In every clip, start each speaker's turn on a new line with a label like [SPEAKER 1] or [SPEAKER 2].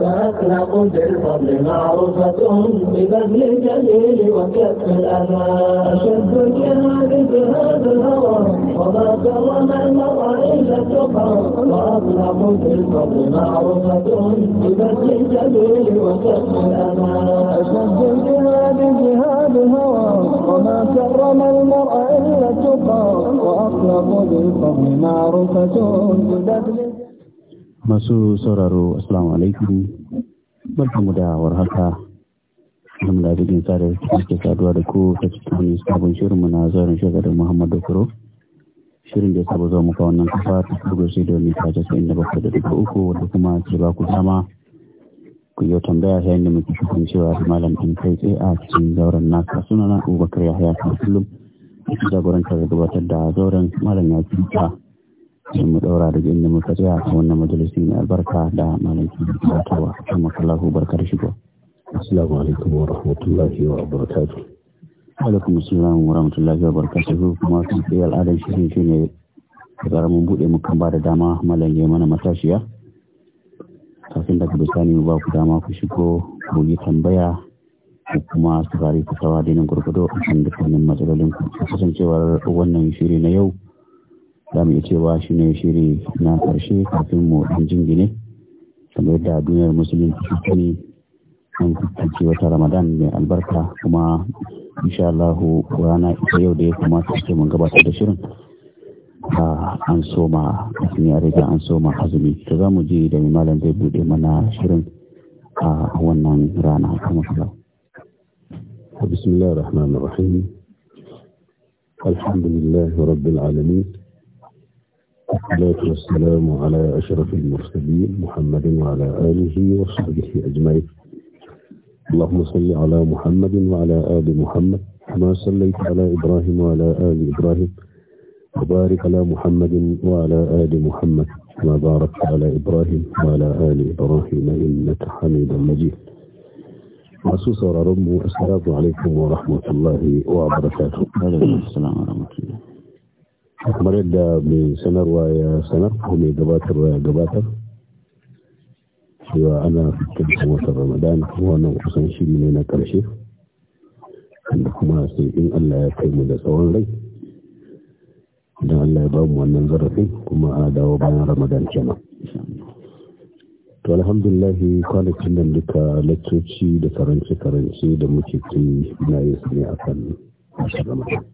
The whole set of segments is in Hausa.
[SPEAKER 1] وأخلاق بالفضل معروفة ببذل الجليل وكف الأذى أشد الجهاد جهاد الهوى وما كرم المرء إلا التقى وأخلاق بالفضل معروفة ببذل الجليل وكف الأذى أشد الجهاد جهاد الهوى وما كرم المرء إلا
[SPEAKER 2] التقى وأخلاق بالفضل معروفة ببذل masu sauraro asalamu alaikum mu da warhaka nan da bidin sa da ke saduwa da ku ta cikin wani sabon mu na zarin shagadar muhammadu kuro shirin da ya saba zuwa muka wannan kafa ta kurgo sai da wani kaja sa'in inda bakwai da duka uku wadda kuma ke ba ku dama ku yi tambaya sai da muke cikin cewa da malam ɗin kai tsaye a cikin zauren naka suna na abubakar yahaya kan kullum jagorantar da gabatar da zauren malam ya fi sun mu daura daga inda muka tsaya a wannan majalisi mai albarka da malaki da tunatarwa kan makallahu barkar shigo assalamu alaikum wa rahmatullahi wa barakatuh alaikum assalam wa rahmatullahi wa barakatuh kuma kan sai al'adar shi ne shi ne da karamin bude mukan ba da dama malam ya mana matashiya kafin daga bisani ba ku dama ku shigo ku yi tambaya da kuma su gari ku sawa dinin gurgudo a kan dukkanin matsalolin ku kasancewar wannan shiri na yau za mu iya cewa shi ne shiri na ƙarshe kafin mu ɗan jingine kamar yadda duniyar musulunci sani an kusanci wata ramadan mai albarka kuma insha Allahu rana ita yau da ya kamata ce mun gabatar da shirin an soma azumi a riga an soma azumi to za mu je da malam zai buɗe mana shirin a wannan rana kamar haka. بسم الله الرحمن الرحيم الحمد لله رب العالمين والصلاة والسلام على أشرف المرسلين محمد وعلى آله وصحبه أجمعين اللهم صل على محمد وعلى آل محمد كما صليت على إبراهيم وعلى آل إبراهيم وبارك على محمد وعلى آل محمد كما باركت على إبراهيم وعلى آل إبراهيم إنك حميد مجيد masu sauraron mu assalamu alaikum wa ورحمة الله. barakatuh. Alaikum assalam wa kamar yadda mai sanarwa ya sanar ko mai gabatarwa ya gabatar cewa ana fuskantar wata ramadan kuma wannan kusan shiri ne na karshe da kuma sai in allah ya kai mu da tsawon rai da allah ya ba mu wannan zarafin kuma a dawo bayan ramadan kenan to alhamdulillahi kwanakin nan duka laccoci da karance-karance da muke kai na yi su ne akan ramadan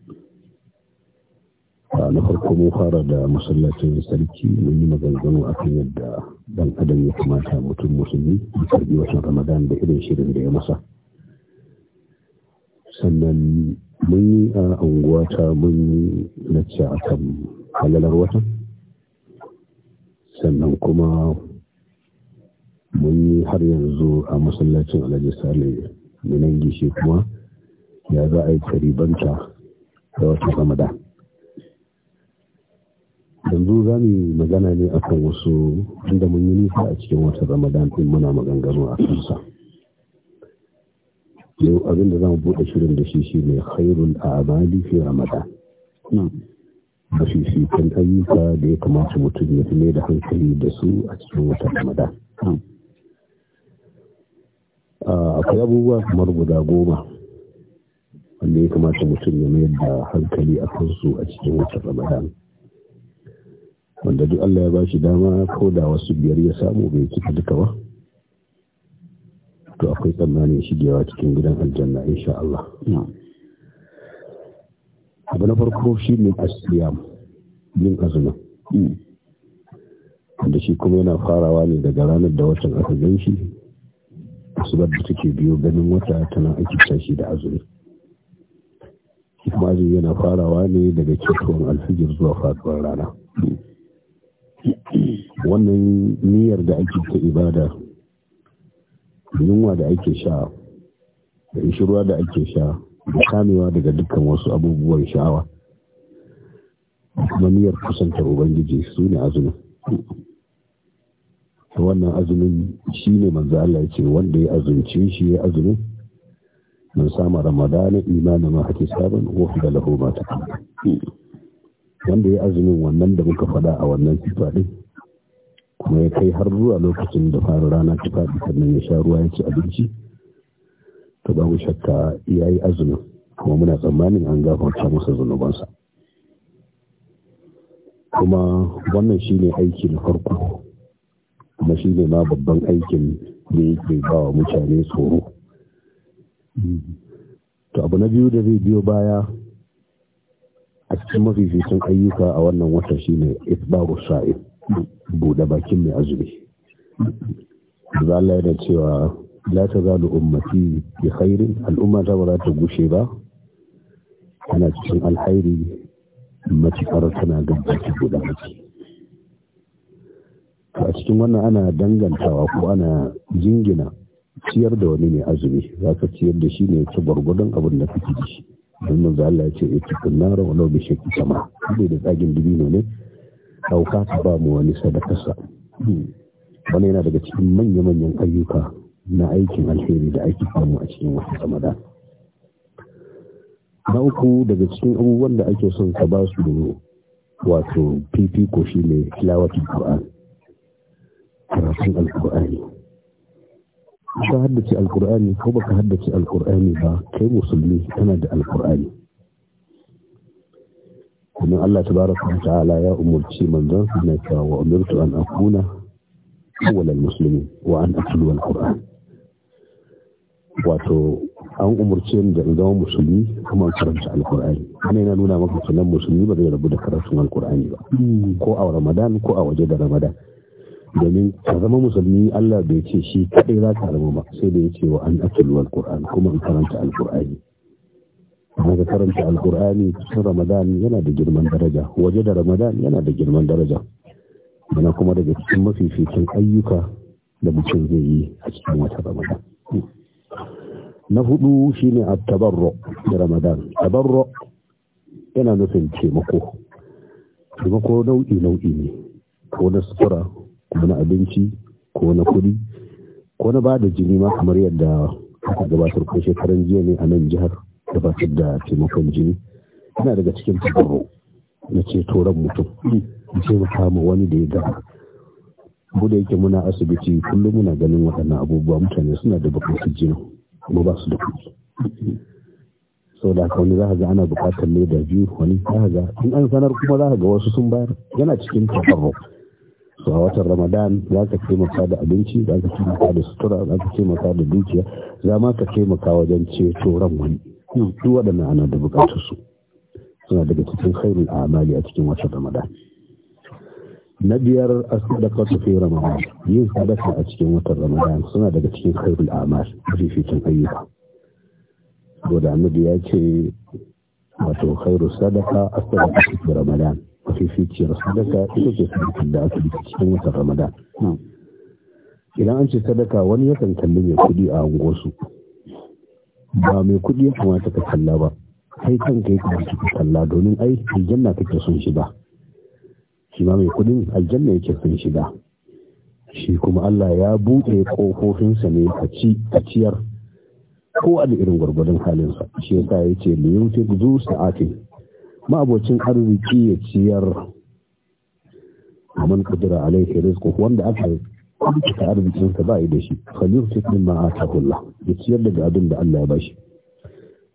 [SPEAKER 2] na farko mun fara da masallacin sarki mun yi maganganu a kan yadda dan adam ya kamata mutum musulmi ya karbi watan ramadan da irin shirin da ya masa sannan mun yi a unguwa ta mun lacce a kan halalar watan sannan kuma mun yi har yanzu a masallacin alhaji sale minan gishi kuma ya za a yi karibanta da watan ramadan yanzu za mu yi magana ne akan wasu inda mun yi nisa a cikin wata ramadan din muna maganganu a kansa yau abin da za mu buɗe shirin da shi shi ne a a'mali fi ramadan shi kan ayyuka da ya kamata mutum ya fi mai da hankali da su a cikin watan ramadan akwai abubuwa kamar guda goma wanda ya kamata mutum ya mai da hankali a kansu a cikin watan ramadan wanda duk Allah ya bashi dama ko da wasu biyar ya samu bai cika duka ba to akwai tsammanin shigewa cikin gidan aljanna insha Allah abu na farko shi ne asiyam yin azumi hmm. wanda shi kuma yana farawa ne daga ranar da watan aka gan shi asibar da take biyo ganin wata tana ake tashi da azumi kuma azumi yana farawa ne daga kitowar alfijir zuwa faduwar rana hmm. wannan niyyar da ake ta ibada yunwa da ake sha da ishirwa da ake sha da kamewa daga dukkan wasu abubuwan sha'awa kuma niyyar kusantar ubangiji su ne azumin wannan azumin shi ne manzo Allah ce wanda ya azumce shi ya azumin من sama ramadana imanin ما حكي sabon وفد da ما wanda ya azumin wannan da muka faɗa a wannan sifa ɗin kuma ya kai har zuwa lokacin da fara rana ta faɗi sannan ya sha ruwa ya ci abinci to babu shakka ya yi azumin kuma muna tsammanin an gafarta masa zunubansa kuma wannan shine aiki na farko kuma shine ma babban aikin da yake ba wa mutane tsoro to abu na biyu da zai biyo baya a cikin mafificin ayyuka a wannan wata shine isbaru sa'id bude bakin mai azumi za Allah yana cewa la da ummati bi khairin al'umma ta ba ta gushe ba ana cikin alhairi matuƙar tana gaggaki bude baki a cikin wannan ana dangantawa ko ana jingina ciyar da wani ne azumi za ka ciyar da shi ne ta gwargwadon abin da kake da shi don manzo Allah ya ce itikun eh, nara wa lau bishe ki sama dai da tsagin dibino ne dauka ta ba mu wani sadakarsa wani yana daga cikin manya-manyan ayyuka na aikin alheri da ake samu a cikin wasu ramadan na uku daga cikin abubuwan da ake son ka ba su wato fifiko shi ne tilawatul qur'an karatun alqur'ani ka haddace alkur'ani ko baka haddace alkur'ani ba kai musulmi tana da alkur'ani kuma Allah tabaraka wa ta'ala ya umurci manzon sa ne ka wa umirtu an akuna awwal almuslimin wa an atlu alqur'an wato an umurce ni da in zama musulmi kuma an karanta alkur'ani ana yana nuna maka sunan musulmi ba zai rabu da karatun alkur'ani ba hmm. ko a ramadan ko a waje da ramadan domin ka zama musulmi Allah bai ce shi kaɗai za ka zama ba sai da ya ce wa an atulu Kur'an kuma in karanta Al-Qur'ani. alqurani ga karanta Al-Qur'ani, cikin ramadan yana da girman daraja waje da ramadan yana da girman daraja yana kuma daga cikin mafificin ayyuka da mutum zai yi a cikin wata ramadan na hudu shine ne tabarro da ramadan Tabarro yana nufin taimako taimako nau'i nau'i ne ko na sutura ko na abinci ko na kuɗi ko na ba da jini ma kamar yadda aka gabatar ko shekaran jiya ne a nan jihar gabatar da taimakon jini yana daga cikin tabarro na ceto ran mutum in mu ma wani da ya gaba mu yake muna asibiti kullum muna ganin waɗannan abubuwa mutane suna da bukatar jini kuma ba su da kuɗi sau da wani za ga ana bukatar da biyu wani za ga in an sanar kuma za ga wasu sun bayar yana cikin tabarro su a watan ramadan za ka taimaka da abinci za ka taimaka da sutura za ka taimaka da dukiya za ma ka taimaka wajen ceto ran wani hmm, duk waɗanda ana da buƙatar su suna daga cikin khairul amali a cikin watan ramadan na biyar as-sadaqatu fi ramadan yin sadaka a cikin watan ramadan suna daga cikin khairul amal fifitin ayyuka saboda annabi ya ce wato khairu sadaka as-sadaqatu fi ramadan fificiyar sadaka ita ce sadakar da aka bita cikin watan ramadan idan an ce sadaka wani yakan kalli mai kuɗi a unguwarsu ba mai kuɗi ya kamata ka kalla ba kai kan kai kamata kika kalla domin ai aljanna kake son shiga shi ma mai kuɗin aljanna yake son shiga shi kuma Allah ya buɗe ƙofofinsa ne a ci a ciyar ko a irin gwargwadon halinsa shi yasa ya ce liyun fi zu sa'atin ma'abocin arziki ya ciyar a man a alaihi rizqu wanda aka kwanta arzikinsa ba yi da shi khalil cikin kula. ya ciyar daga abin da Allah ya bashi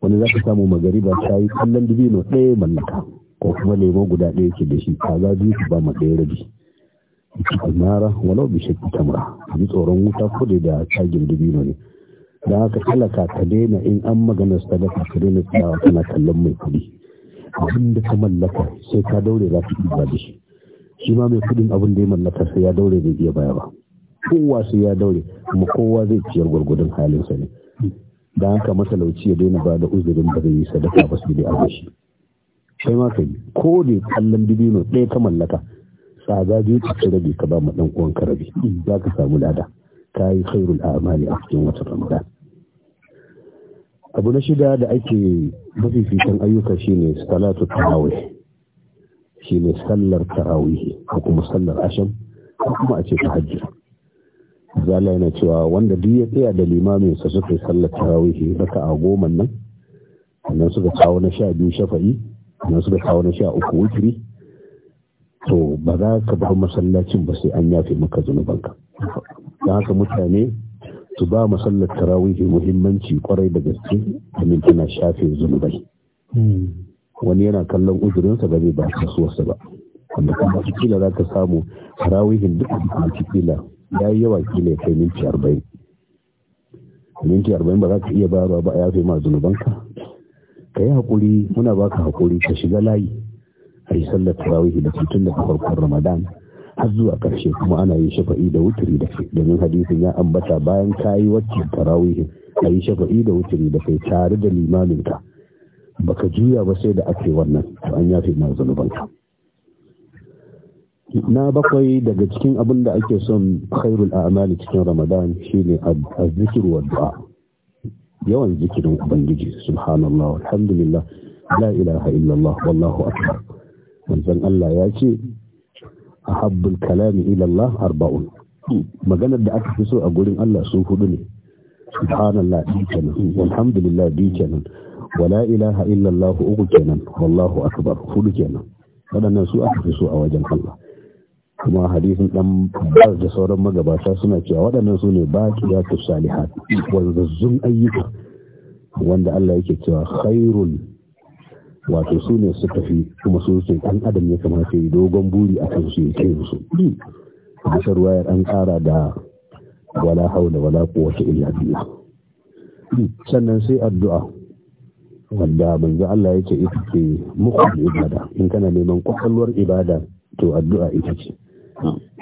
[SPEAKER 2] wani za ka samu magariba ta yi kallon dubino ɗaya mallaka ko kuma lemo guda ɗaya yake da shi kaza biyu su ba ma ɗaya rabi mara walau bi shakki tamra tsoron wuta ko da da tagin dubino ne da haka talaka ka daina in an magana sadaka ka daina tsawa kana kallon mai kuɗi abin da ka mallaka sai ka daure za ka iya da shi shi ma mai kudin abin da ya mallaka sai ya daure da iya baya ba kowa sai ya daure kuma kowa zai ciyar gwargwadon halinsa ne da haka matalauci ya daina ba da uzurin da zai yi sadaka ba sai da a gashi kai ma yi ko ne kallon dibino ɗaya ka mallaka tsaga biyu ka ci rabi ka ba ma ɗan uwan ka rabi za ka samu lada ka yi khairul a'mali a cikin watan ramadan abu na shida da ake mafificin ayyuka shine salatu tarawih shine sallar tarawih ko kuma sallar asham ko kuma a ce tahajjud zala yana cewa wanda duk ya tsaya da limamin sa suka yi sallar tarawih daga a goma nan sannan suka kawo na sha biyu shafa'i sannan suka kawo na sha uku wutiri to ba za ka bar masallacin ba sai an yafe maka zunubanka don haka mutane su ba mu sallar tarawihi muhimmanci kwarai da gaske domin tana shafe zunubai wani yana kallon uzurinsa ba zai ba kasuwarsa ba wanda kuma kila za ka samu tarawihin duk da kila ya yi yawa kila ya kai minti arba'in minti arba'in ba za ka iya bayarwa ba ya fi ma zunubanka ka yi haƙuri muna baka hakuri ka shiga layi a sallar tarawihi da tun da farkon ramadan har zuwa ƙarshe kuma ana yin shafa'i da wuturi da kai domin hadisin ya ambata bayan ka yi wacce tarawihin a yi shafa'i da wuturi da kai tare da limaminka baka juya ba sai da ake wannan to an yafe ma zanubanka na bakwai daga cikin abin da ake son khairul a'mali cikin ramadan shine azzikir wa du'a yawan zikirin ubangiji subhanallah alhamdulillah la ilaha illallah wallahu akbar manzon Allah ya ce ahabbul kalami ila Allah arba'un maganar da aka fi so a gurin Allah su hudu ne subhanallah bi kenan walhamdulillah kenan wala ilaha illallah uku kenan wallahu akbar hudu kenan waɗannan su aka fi so a wajen Allah kuma hadisin dan bar da sauran magabata suna cewa waɗannan su ne baqiyatu salihat wanzazzun ayyuka wanda Allah yake cewa khairul wato su ne suka fi kuma su ce ɗan adam ya kamata yi dogon buri a kan su ya ce musu bashar wayar an ƙara da wala hau da wala quwwata illa billah sannan sai addu'a wanda manzo Allah yake ita ce mukhul ibada in kana neman kwakwalwar ibada to addu'a ita ce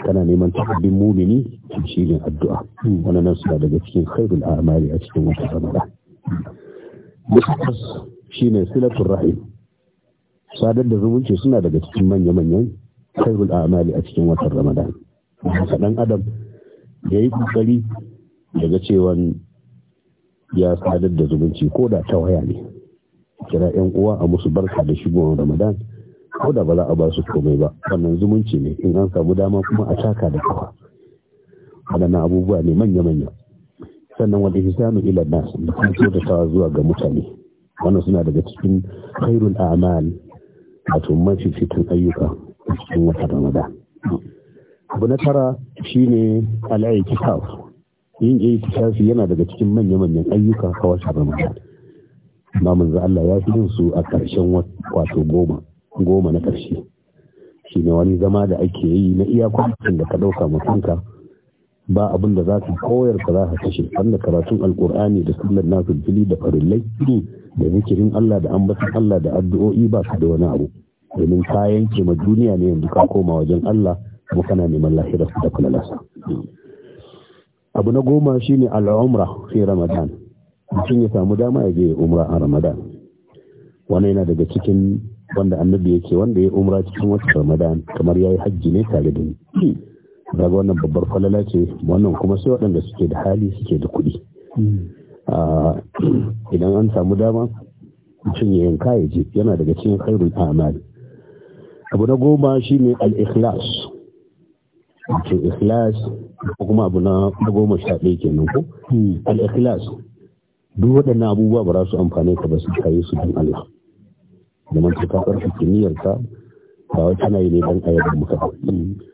[SPEAKER 2] kana neman tabbin mumini shi ne addu'a wannan nan suna daga cikin khairul a'mali a cikin wata ramadan shi ne silatul rahim sadar da zumunci suna daga cikin manya-manyan khairul amali a cikin watan ramadan haka dan adam ya yi kokari daga cewa ya sadar da zumunci ko da ta waya ne kira yan uwa a musu barka da shigo ramadan ko da ba a ba su komai ba wannan zumunci ne in an samu dama kuma a taka da kafa waɗannan abubuwa ne manya-manya sannan wani hisanu ila nasu da kuma tawa zuwa ga mutane wannan suna daga cikin khairul a'mal wato mafificin ayyuka a cikin wata ramada abu na tara shi shine al'aikitaf yin aiki yana daga cikin manya-manyan ayyuka a wata Ba amma za Allah ya fi yin su a ƙarshen wato goma goma na ƙarshe shine wani zama da ake yi na iya da ka ɗauka mutunka ba abin da za su koyar ka za ka kashe wanda karatun alkur'ani da sunnar nafilfili da farillai da zikirin Allah da ambatan Allah da addu'o'i ba ka da wani abu domin ka yanke ma duniya ne yanzu ka koma wajen Allah kuma kana neman lahira da lasa abu na goma shine al'umra fi ramadan mutum ya samu dama ya je umra a ramadan Wani yana daga cikin wanda annabi yake wanda ya umra cikin wata ramadan kamar ya yi hajji ne tare da ni daga wannan babbar falala ce wannan kuma sai waɗanda suke da hali suke da kuɗi hmm. ah, idan an samu dama cinye yanka ya je yana daga cikin khairul amali abu na goma shine al-ikhlas to ikhlas ko kuma abu na goma sha ɗaya kenan ko hmm. al-ikhlas duk waɗannan abubuwa ba za su amfane ka ba su kayi su don Allah da man ta karfi niyyarka ba wata tana yi ne don ayyukan muka hmm.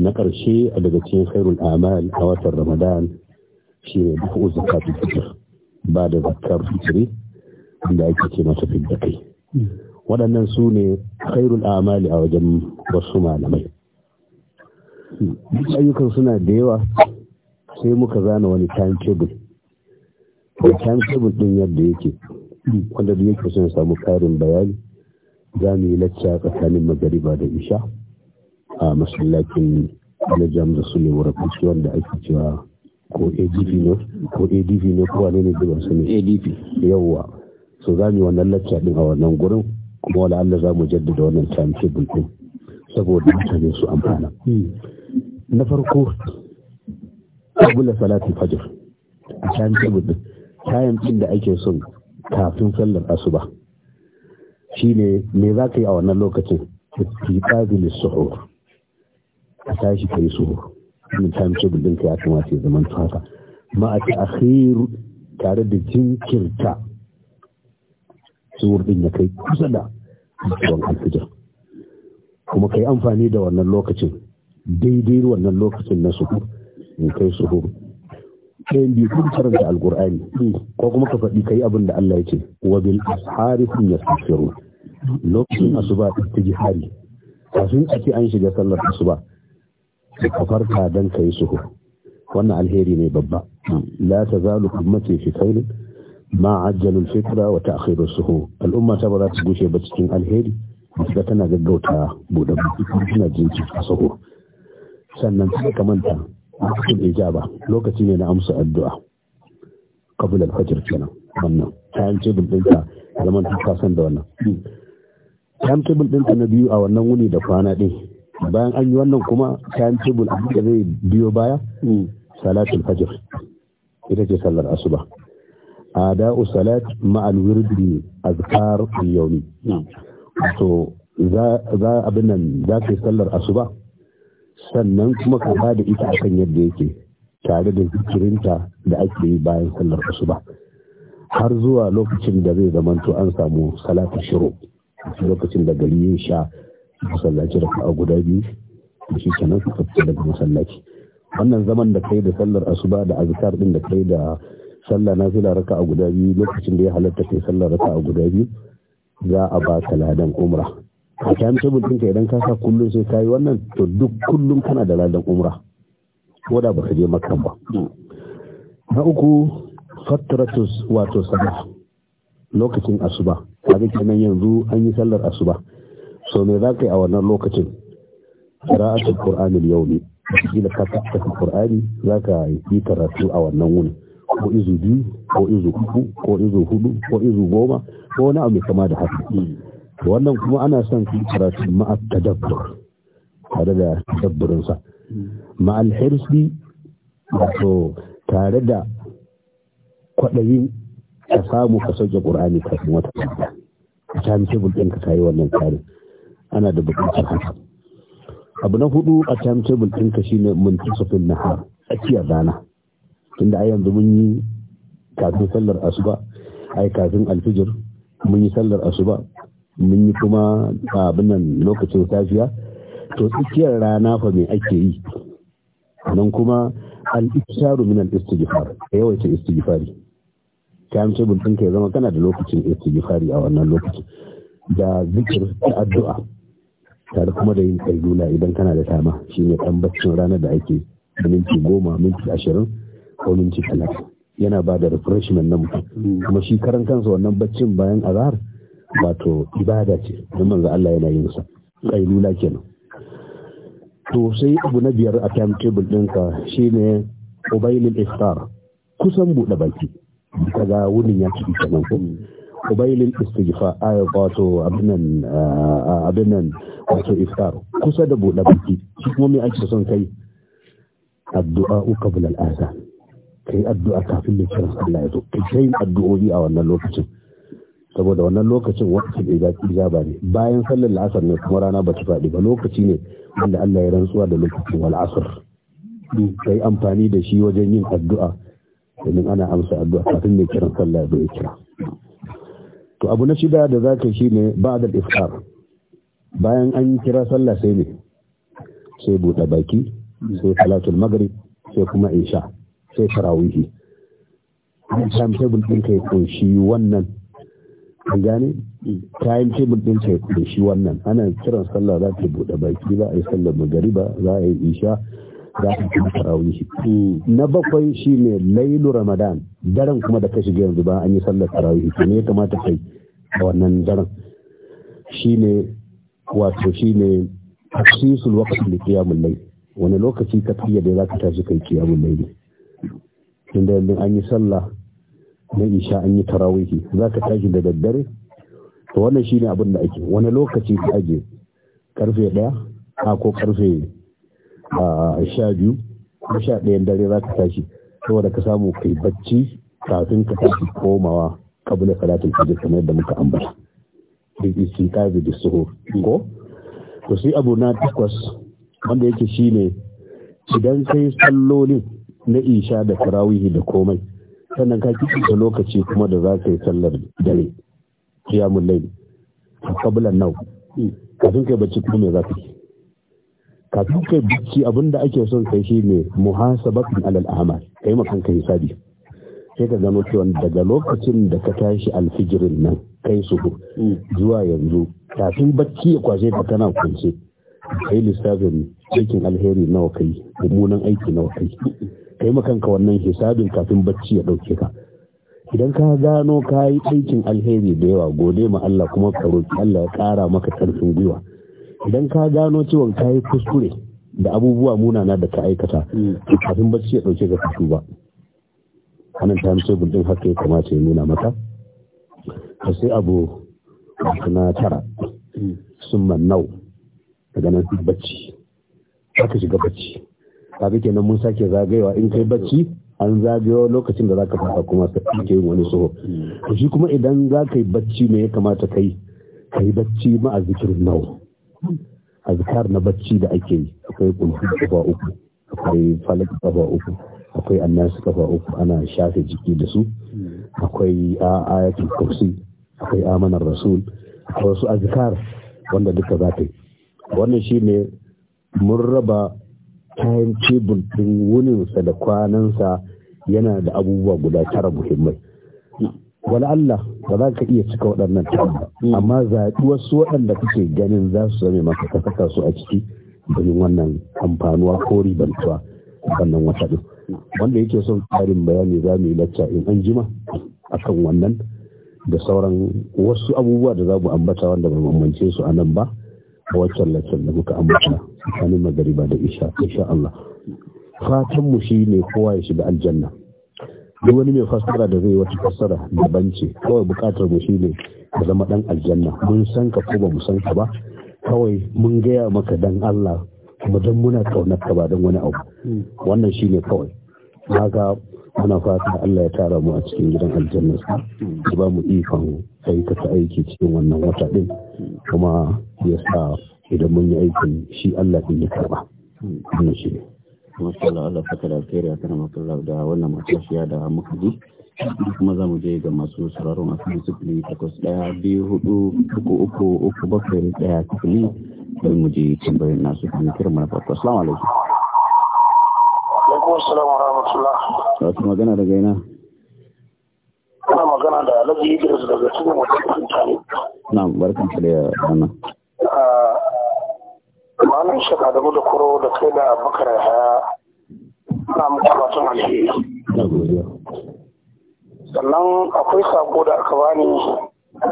[SPEAKER 2] na ƙarshe a daga cikin khairul amal a watan ramadan shi ne duk zakatu fitar ba da zakar fitri da ake ce masa fidda kai waɗannan su ne khairul amali a wajen wasu malamai ayyukan suna da yawa sai muka zana wani timetable da timetable ɗin yadda yake wanda da yake son samu ƙarin bayani za mu yi lacca tsakanin magariba da isha a masallacin na Jamus da su ne wurakunci wanda ake cewa ko adv ne ko adv ne ko wane ne da ba su ne adv yawwa so za mu yi wannan lacca din a wannan gurin kuma wala Allah za mu jaddada wannan timetable din saboda mutane su amfana hmm. na farko kabula salatin fajr a timetable din Kayan cin da ake son kafin sallar asuba shine me za ka yi a wannan lokacin fi qabilis suhur ka tashi ka yi suhur in time table din ka ya kamata ya zama ta haka ma a ta'khir tare da jinkirta suhur din ya kai kusa da zuwan alfijar kuma ka yi amfani da wannan lokacin daidai wannan lokacin na suhur in kai suhur ɗayan biyu kun karanta alkur'ani ko kuma ka faɗi kai abin da Allah ya ce wa bil ashari hum yastaghfirun lokacin asuba ta jihari kafin ake an shiga sallar asuba ka farka don ka yi suhu. wannan alheri ne babba la ta zalu ummati fi khairin ma ajjalu fitra wa ta'khiru suhu. al'umma ta ba za ta gushe ba cikin alheri da tana gaggauta buɗe baki tana jinki a suhu. sannan sai ka manta lokacin ijaba lokaci ne na amsa addu'a kabul al-fajr kenan wannan kayan table ɗinka zaman ta san da wannan hmm. time table ɗinka na biyu a wannan wuni da kwana ɗin bayan an yi wannan kuma time table abin da zai biyo baya hmm. salatul fajr ita ce sallar asuba ada'u salat ma'al wirdi azkar yawmi to za abin nan za ka yi sallar asuba sannan kuma ka ba da ita akan yadda yake tare da zikirinta da ake yi bayan sallar asuba har zuwa lokacin da zai zamanto an samu salatul shuru lokacin da gari ya sha masallaci da ka'a guda biyu da shi kenan ka fita daga masallaci wannan zaman da kai da sallar asuba da azkar din da kai da na nafila raka'a guda biyu lokacin da ya halatta kai sallar raka'a guda biyu za a ba ka ladan umra a time table ɗinka idan ka sa kullum sai ka yi wannan to duk kullum kana da ladan umra ko da ba ka je makan ba na uku fatratus wato sabah lokacin asuba kaga kenan yanzu an yi sallar asuba so me za ka yi a wannan lokacin qira'atul qur'anil yawmi kila ka tabbata qur'ani za ka yi karatu a wannan wuni ko izu biyu ko izu uku ko izu hudu ko izu goma ko wani abu kama da haka wannan kuma ana son ku karatu ma'a tadabbur tare da tadabburinsa ma'al hirsi wato tare da kwaɗayin ka samu ka sauke ƙur'ani kafin wata ka tamce bulɗin ka kayi wannan karin ana da bukatar haka abu na hudu a timetable ɗinka shine muntasafin har tsakiyar rana tunda a yanzu mun yi kafin sallar asuba ai kafin alfijir mun yi sallar asuba mun yi kuma abin nan lokacin safiya to tsakiyar rana fa me ake yi nan kuma al-iktaru min al-istighfar yawaita istighfari timetable ɗinka ya zama kana da lokacin istighfari a wannan lokacin? da zikir da addu'a tare kuma da yin kailula idan kana da tama shine ɗan baccin ranar da ake da minti goma minti ashirin ko minti talatin yana ba da refreshment na mutum kuma shi karan kansa wannan baccin bayan azhar wato ibada ce don manzo Allah yana yin sa kailula kenan to sai abu na biyar a table ɗinka shine ubailul iftar kusan buɗe baki kaga wurin ya ci kenan ko kubailin istighfar a wato abinan abinan ah, ah, wato iftar kusa da buɗe baki shi kuma me ake son kai addu'a qabla al-azan kai addu'a kafin da kiran Allah ya zo kai addu'o'i a wannan lokacin saboda wannan lokacin wakil ba ne bayan sallar la'asar ne kuma rana ba ta faɗi ba lokaci ne wanda Allah ya rantsuwa da lokacin wal'asar asr kai amfani da shi wajen yin addu'a domin ana amsa addu'a kafin mai kiran sallah ya zo ya kira to abu na shida da zaka shi ne ba al-iftar bayan an kira sallah sai ne sai buɗe baki sai salatul maghrib sai kuma isha sai tarawihi time table din kai shi wannan an gane time table din kai shi wannan ana kiran sallah za ta buɗe baki za a yi sallar maghriba za a yi isha za ka ci tarawih na bakwai shine lailu ramadan daren kuma da ka shiga yanzu ba an yi sallar tarawih to ne ya kamata kai a wannan daren shine wato shine tafsisul waqti da qiyamul lai, wani lokaci ka da za ka tashi kai lai ne. inda yanzu an yi sallah na isha an yi tarawih za ka tashi da daddare to wannan shine abin da ake wani lokaci ka aje karfe daya ko karfe a sha biyu ko sha ɗayan dare za ka tashi saboda ka samu kai bacci kafin ka tashi komawa kabila salatul fajr kamar yadda muka ambata bi istiqazi da suhur ko to sai abu na takwas wanda yake shine idan kai sallolin na isha da tarawihi da komai sannan ka da lokaci kuma da za ka yi sallar dare qiyamul layl qabla an-nawm kafin kai bacci kuma me za ka yi kafin kai bacci abin da ake son kai shi ne muhasabatun alal amal kai makan kai hisabi sai ka gano cewa daga lokacin da ka tashi alfijirin nan kai su zuwa yanzu kafin bacci ya kwashe ka kana kwance kai lissafin aikin alheri nawa kai mummunan aiki nawa kai kai kanka wannan hisabin kafin bacci ya dauke ka idan ka gano ka yi aikin alheri da yawa gode ma Allah kuma ka roki Allah ya kara maka karfin gwiwa idan ka gano ciwon ka yi kuskure da abubuwa munana da ka aikata kafin bacci ya dauke ga kashu ba anan ta mace gundin haka ya kamata ya nuna maka ka sai abu na tara sun nau, daga nan sai bacci ka shiga bacci kaga kenan mun sake zagayewa in kai bacci an zagayo lokacin da za ka fasa kuma sai ke yin wani soho to shi kuma idan za ka yi bacci ne ya kamata kai ka yi bacci ma a zikirin nau azkar na bacci da ake yi akwai kulfi kafa uku akwai falak kafa uku akwai annas kafa uku ana shafe jiki da su akwai ayatul kursi akwai amanar rasul akwai wasu azkar wanda duka za ta yi wannan shine mun raba kayan tebul din wuninsa da kwanansa yana da abubuwa guda tara muhimmai Wani Allah ba za ka iya cika waɗannan tara mm. amma zaɓi wasu waɗanda kake ganin za su zame maka ka saka su a ciki domin wannan amfanuwa ko ribantuwa wannan wata ɗin mm. wanda yake son tsarin bayani za mu yi lacca in an jima a kan wannan da sauran wasu abubuwa da za mu ambata wanda ba mamance su a nan ba a waccan laccan da muka ambata tsakanin magariba da isha insha Allah Fatanmu shi ne kowa ya shiga aljanna duk wani mai fasara da zai wata fassara daban ce kawai bukatar mu shine ka zama dan aljanna mun san ka ko ba mu san ka ba kawai mun gaya maka dan Allah kuma dan muna kaunar ka ba dan wani abu wannan shine kawai haka muna fata Allah ya tara mu a cikin gidan aljanna ya ba mu ikon aikata aiki cikin wannan wata din kuma ya sa idan mun yi aikin shi Allah din ya karba wannan shine masha Allah Allah fata da alkhairi a kanan masallah da wannan matashiya da muka ji kuma za mu je ga masu sauraron a kan sifili takwas ɗaya biyu hudu uku uku uku bakwai ɗaya sifili bari mu je tambayin nasu kan kiran mana farko assalamu alaikum.
[SPEAKER 1] Alaikum assalam wa rahmatullah.
[SPEAKER 2] Wasu magana daga ina?
[SPEAKER 1] Ana magana da Alhaji Idris daga cikin wata mutane.
[SPEAKER 2] Na barkan ka da wannan. Ah,
[SPEAKER 1] malam shaka da da kuro da kai da abubakar haya na muku fatan alheri sannan akwai sako da aka bani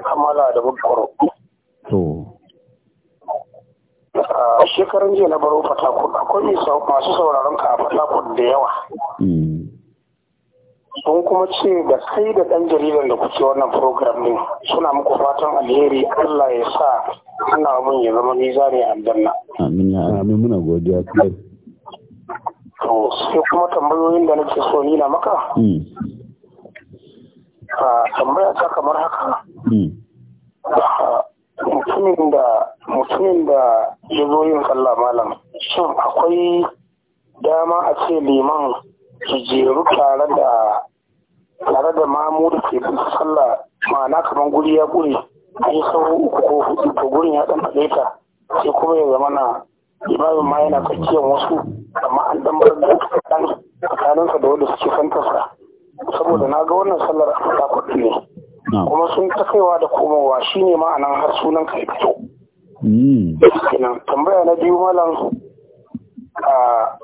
[SPEAKER 1] kamala da bukkuro a shekarun jiya na baro fatakun akwai masu sauraron ka a fatakul da yawa mm. sun kuma ce da sai da ɗan jaridar da kuke wannan program ne suna muku fatan alheri Allah ya sa ana abin ya zama niza ne aljanna.
[SPEAKER 2] Amin ya amin muna godiya kuma.
[SPEAKER 1] To sai kuma tambayoyin da nake so nina maka. Hmm. Ah, tambaya ta kamar haka. Hmm. Ah, mutumin da mutumin da ya zo yin sallah malam shin akwai dama a ce liman su jeru tare da tare da mamu da ke bin sallah ma'ana kamar guri ya guri an yi sauro uku ko hudu to gurin ya dan ta sai kuma ya zama na imamin ma yana tsakiyar wasu amma an dan bar da dan tsakaninsa da wanda suke fantasa saboda na ga wannan sallar afirka kuɗi ne kuma sun ta kaiwa da komowa shine ma'anan har sunan kai fito hmm. kenan tambaya na biyu malam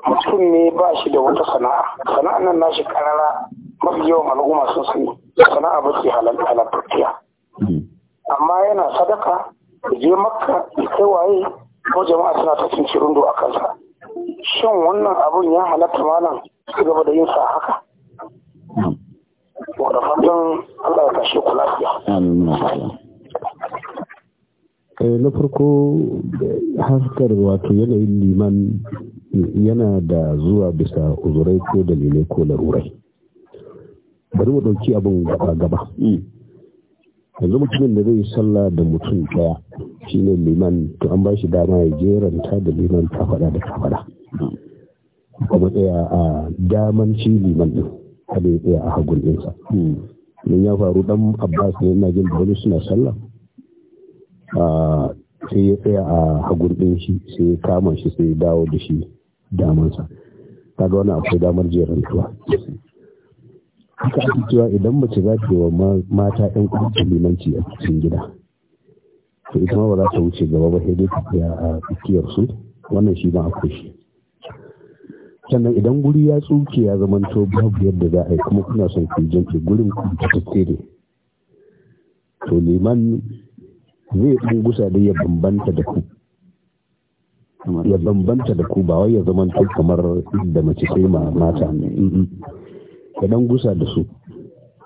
[SPEAKER 1] mutum ne ba shi da wata sana'a sana'a nan nashi karara mafi yawan al'umma sun sani sana'a ba ke halartattiya hmm. amma yana sadaka je makka ya kai waye ko jama'a suna ta cin-cin rundo a kansa shin wannan abun ya halatta malam su gaba da yin sa haka hmm. wadda fatan Allah ya kashe
[SPEAKER 2] ku lafiya eh, na farko haskar wato yanayin liman yana da zuwa bisa uzurai ko dalilai ko larurai bari mu ɗauki abin gaba gaba hmm. yanzu mutumin da zai sallah da mutum ɗaya shine liman to an ba shi dama ya jeranta da liman kafada da kafada kuma tsaya a daman shi liman ɗin kada ya tsaya a hagun ɗinsa hmm. don ya faru dan abbas ne na jin da wani suna sallah sai ya tsaya a hagun ɗin shi sai ya kama shi sai ya dawo da shi damansa kaga wani akwai damar jerantuwa haka ake cewa idan mace za ta wa mata yan kudin limanci a cikin gida to ita ma ba za ta wuce gaba ba sai dai tafiya a tsakiyar su wannan shi ma akwai shi sannan idan guri ya tsuke ya to babu yadda za a yi kuma kuna son ku jinki gurin ku ta ne. to liman zai ɗan gusa da ya bambanta da ku ya bambanta da ku ba wai ya zama kamar da mace sai ma mata ka dan gusa da su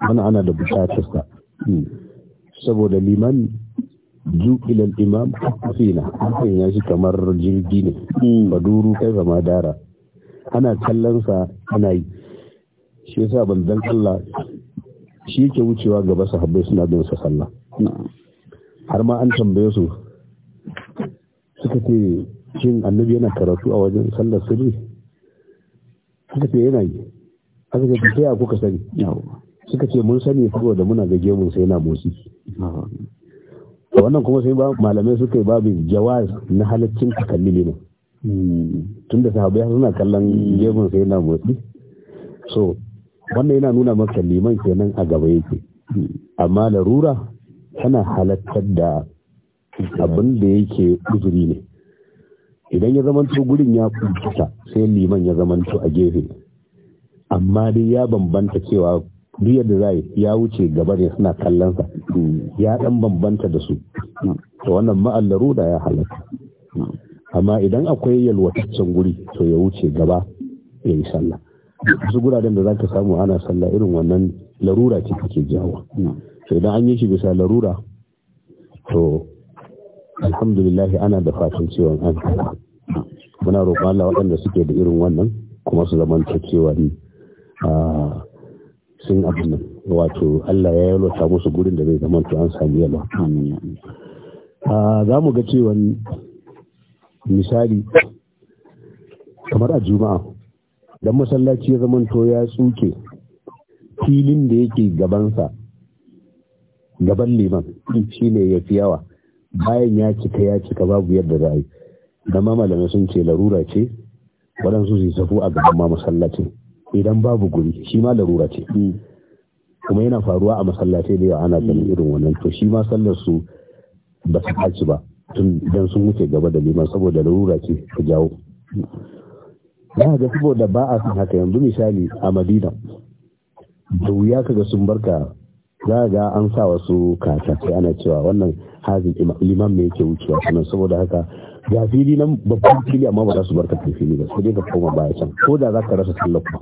[SPEAKER 2] ana ana da bukatar sa mm. saboda liman ju imam kafina hakan ya shi kamar jirgi ne mm. Ba duru kai ma dara ana kallon sa ana yi shi yasa dan Allah shi yake wucewa gaba sahabbai suna bin sa sallah har ma an tambaye su suka ce shin annabi yana karatu a wajen sallar sirri suka ce yana yi aka ce sai a kuka sani suka ce mun sani saboda muna ga mun sai na motsi wannan kuma sai ba malamai suka yi babin jawaz na halaccin takalli ne hmm. tun da sahabai suna kallon gemun sai na motsi so wannan yana nuna maka liman kenan a gaba yake amma larura tana halattar da abin da yake uzuri ne idan ya zamanto gurin ya kuta sai liman ya zamanto a gefe amma dai ya bambanta cewa duk yadda za ya wuce gaba ne suna kallonsa ya dan bambanta da su to wannan ma'allaru da ya halatta amma idan akwai yalwataccen guri to ya wuce gaba ya yi sallah su guraren da za ka samu ana sallah irin wannan larura ce take jawo to idan an yi shi bisa larura to alhamdulillah ana da fatan cewa an muna roƙon Allah waɗanda suke da irin wannan kuma su ta cewa ah, sun abin nan wato Allah ya ta musu gurin da zai zaman ta an sami yalwa ah, za mu ga cewa misali kamar a juma'a dan masallaci ya zaman to ya tsuke filin da yake gabansa gaban liman shi ne ya fi yawa bayan ya cika ya cika babu yadda za a yi malamai sun ce larura ce waɗansu su safu a gaban ma masallacin idan babu guri shi ma larura ce mm. kuma yana faruwa a masallaci da yawa ana ganin irin wannan to shi ma sallar su ba su ɓaci ba tun idan sun wuce gaba da liman saboda larura ce ta jawo Ya ga saboda ba a san haka yanzu misali a madina da wuya kaga sun barka za ga an sa wasu katakai ana cewa wannan hazin liman mai yake wucewa sannan saboda haka ga fili nan babban fili amma ba za su barka fili ba sai dai ka koma baya can ko da za ka rasa tallafa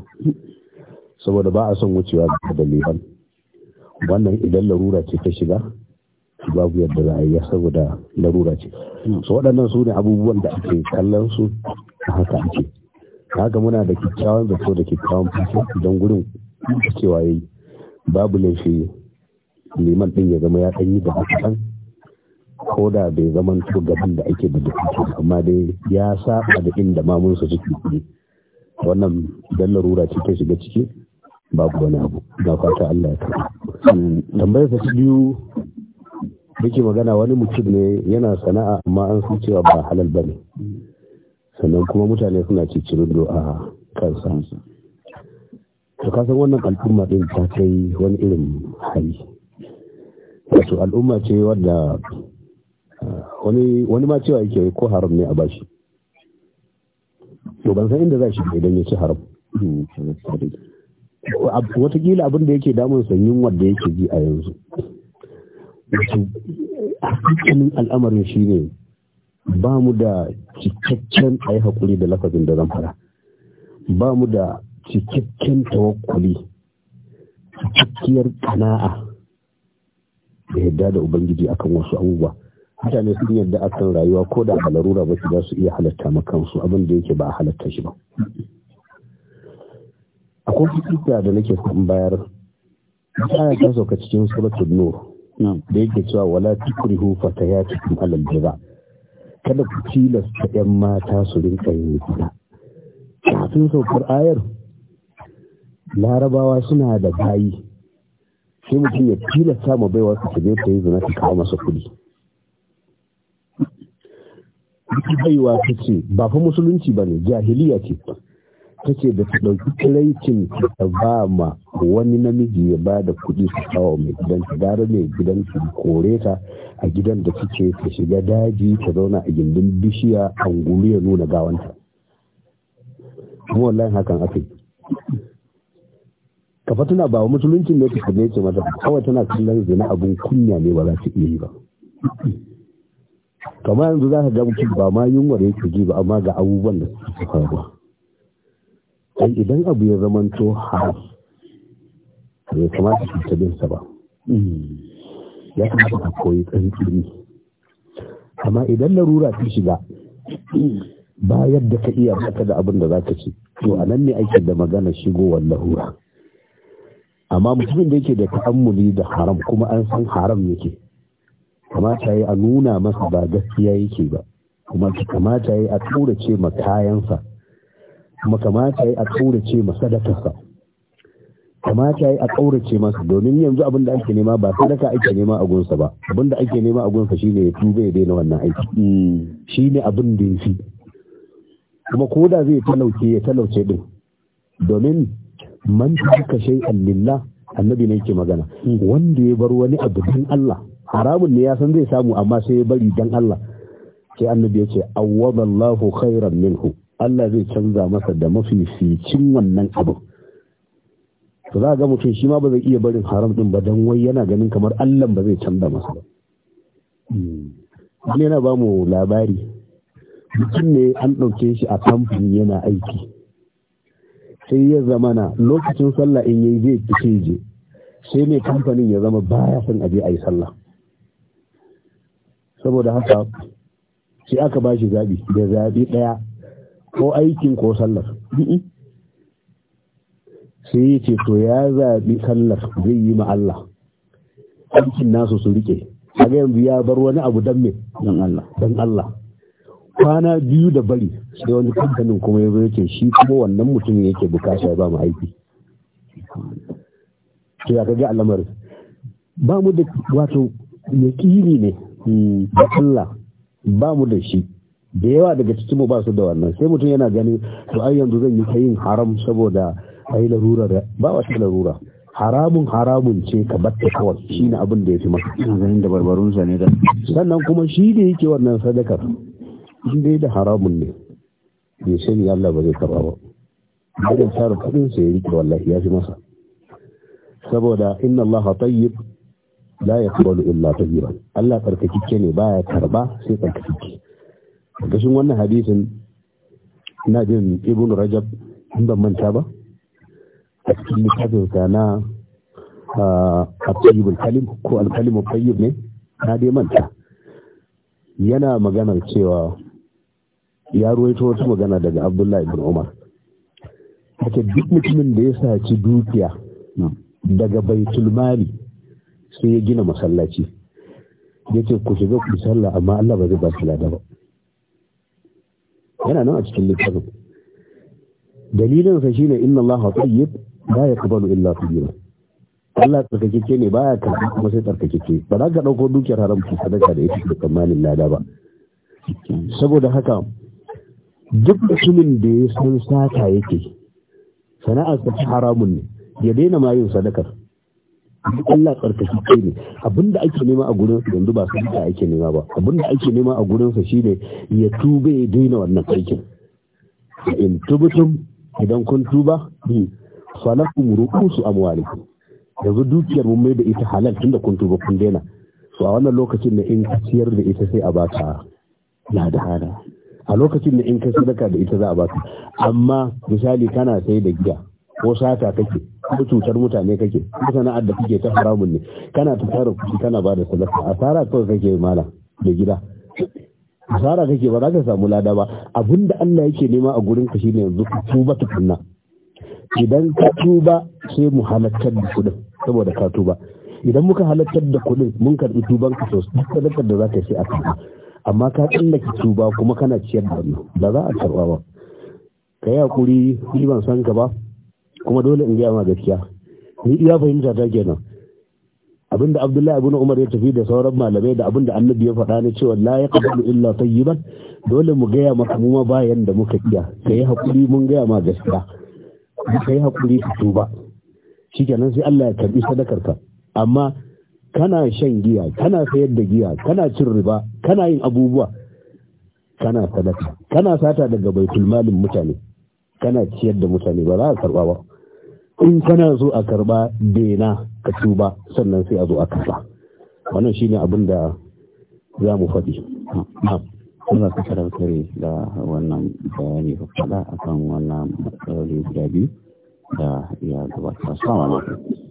[SPEAKER 2] saboda ba a son wucewa da liman wannan idan larura ce ta shiga babu yadda za a yi saboda larura ce so waɗannan su ne abubuwan da ake kallon su a haka ake haka muna da kyakkyawan zato da kyakkyawan fashe don gurin cewa yayi babu laifi liman ɗin ya zama ya ɗan yi da ɗan, ko da bai zama to gaban da ake da dukuki amma dai ya saba da inda mamunsa suke kuɗi wannan dan larura ce shiga ciki babu wani abu na fata Allah ya karɓa tambayar ta biyu yake magana wani mutum ne yana sana'a amma an san cewa ba halal ba ne, sannan kuma mutane suna cicirin a kansa to kasan wannan al'umma ɗin ta kai wani irin hali wato al'umma ce wadda ah, wani ma cewa yake ko haram ne a bashi to ban san inda za shi idan ya ci haram watakila abin da yake damun sanyin wanda yake ji a yanzu wato hakikanin al'amarin shi ne ba mu da cikakken a yi haƙuri da lafazin da zan fara ba mu da cikakken tawakkuli cikakkiyar kana'a da yadda da ubangiji akan wasu abubuwa mutane sun yadda akan rayuwa ko da larura ba su za su iya halatta ma kansu abin da yake ba a halatta shi ba akwai fita da nake son bayar aya ta sauka cikin suratul nur da yake cewa wala tukrihu fatayatikum alal jira kada ku tilasta yan mata su rinka yin zina kafin saukar ayar larabawa suna da bayi sai mutum ya tilasta ma baiwa su je ta yi zina ta kawo masa kuɗi baiwa ta ce ba fa musulunci ba ne jahiliya ce ta ce da ta ɗauki kiraitin ta ba ma wani namiji ya ba da kuɗi su kawo mai gidan ta. gara mai su kore ta a gidan da suke ta shiga daji ta zauna a gindin bishiya angulu ya nuna gawanta kuma wallahi hakan aka Kafa tana ba musuluncin ne ka ne ce mata kawai tana kallon zina abun kunya ne ba za ta iya yi ba kamar yanzu za ka ga mutum ba ma yunwa da yake ji ba amma ga abubuwan da suke faruwa dan idan abu ya to haram bai kamata su ta bin sa ba ya kamata ka koyi tsantsiri amma idan larura ta shiga ba yadda ka iya baka da abin da za ka ci to a nan ne ake da magana shigowar larura amma mutumin da yake da ta'ammuli da haram kuma an san haram yake kamata yi a nuna masa ba gaskiya yake ba kuma kamata yi a turace ma kayansa kuma kamata yi a turace ma sadakarsa kamata yi a ƙaurace masa domin yanzu abin da ake nema ba sadaka ake nema a gunsa ba abin da ake nema a gunsa ne ya tuba ya daina wannan aiki hmm. shi ne abin da ya fi kuma ko da zai talauce ya talauce din domin man taraka shay'an lillah annabi ne yake magana hmm. wanda ya bar wani abu dan Allah haramun ne ya san zai samu amma sai ya bari dan Allah sai annabi ya ce awwadallahu khairan minhu Allah zai canza masa da mafificin wannan abu to za ga mutum shi ma ba zai iya barin haram din ba dan wai yana ganin kamar Allah ba zai canza masa ba wani yana ba mu labari mutum ne an ɗauke shi a kamfani yana aiki sai ya zama na lokacin sallah in yi zai fice je sai mai kamfanin ya zama baya son aje yi sallah saboda haka sai aka ba shi zabi da zabi ɗaya ko aikin ko sallar sai ya ce to ya zaɓi sallar zai yi ma Allah aikin nasu su riƙe a yanzu ya bar wani abu dan me don Allah kwana biyu da bari sai wani kamfanin kuma ya zo yake shi kuma wannan mutumin yake bukata ya ba mu aiki to ya kaga al'amarin ba mu da wato yaƙini ne hmm, da Allah ba mu da shi da yawa daga cikin mu ba su da wannan sai mutum yana ganin to ai yanzu zan yi kayin yin haram saboda ai larura da ba wa shi larura haramun haramun ce ka batta kawai shine abin da ya fi maka da barbarunsa ne da sannan kuma shi da yake wannan sadakar in dai da haramun ne bai sani Allah ba zai karba ba idan tsara kudin sai ya rike wallahi ya fi masa saboda inna Allah tayyib la yaqbalu illa tayyiban Allah tsarkakike ne baya karba sai tsarkakike gashin wannan hadisin ina jin Ibn Rajab in ban manta ba a cikin littafin sa na at-tayyibul kalim ko al-kalimu tayyib ne na dai manta yana maganar cewa ya ruwaito wata magana daga abdullahi ibn umar haka duk mutumin da ya saci dukiya daga baitul mali sai ya gina masallaci ya ce ku shiga ku sallah amma Allah ba zai ba su lada ba yana nan a cikin littafin dalilin sa shine inna Allah tayyib la yaqbalu illa tayyiba Allah tsarkakeke ne baya karɓi kuma sai tsarkakeke ba za ka ɗauko dukiyar haram sadaka da ita da tsammanin lada ba saboda haka duk mutumin da ya san sata yake sana'ar ta haramun ne ya daina ma yin sadakar Duk Allah tsarkaki kai ne abinda ake nema a gurin yanzu ba sadaka ake nema ba abinda ake nema a gurin sa shine ya tuba ya daina wannan aikin in tubutum idan kun tuba bi falakum ruqusu amwalikum yanzu dukiyar mun mai da ita halal tunda kun tuba kun daina so a wannan lokacin ne in ciyar da ita sai a baka lada hana a lokacin da in ka sadaka da ita za a baka amma misali kana sai da giya ko sata kake ko cutar mutane kake ko sana'ar da kake ta haramun ne kana ta tara kuɗi kana ba da sadaka asara kawai kake mala da gida asara kake ba za ka samu lada ba abinda Allah yake nema a gurin ka shine yanzu ka tuba tukunna idan ka tuba sai mu halattar da kuɗin saboda ka tuba idan muka halartar da kuɗin mun karɓi tuban ka sosai sadakar da za ka sai a kan amma ka tsallake tuba kuma kana ciyar da wani ba za a karɓa ba ka yi hakuri ni ban san ka ba kuma dole in gaya ma gaskiya ni iya fahimta ta kenan abinda abdullahi ibn umar ya tafi da sauran malamai da abinda annabi ya faɗa ne cewa la kabalu illa tayyiban dole mu gaya maka mu ma bayan da muka Ka yi hakuri mun gaya ma gaskiya Ka yi hakuri ka tuba shikenan sai Allah ya karɓi sadakar ka amma kana shan giya kana sayar da giya kana cin riba kana yin abubuwa kana sadaka kana sata daga baitul malin mutane kana ciyar da mutane ba za a karba ba in kana zo a karba dena ka tuba sannan sai a zo a karba wannan shine abin da za mu faɗi Allah ka kare da wannan bayani ka faɗa akan wannan matsaloli guda biyu da ya gabata. sama alaikum.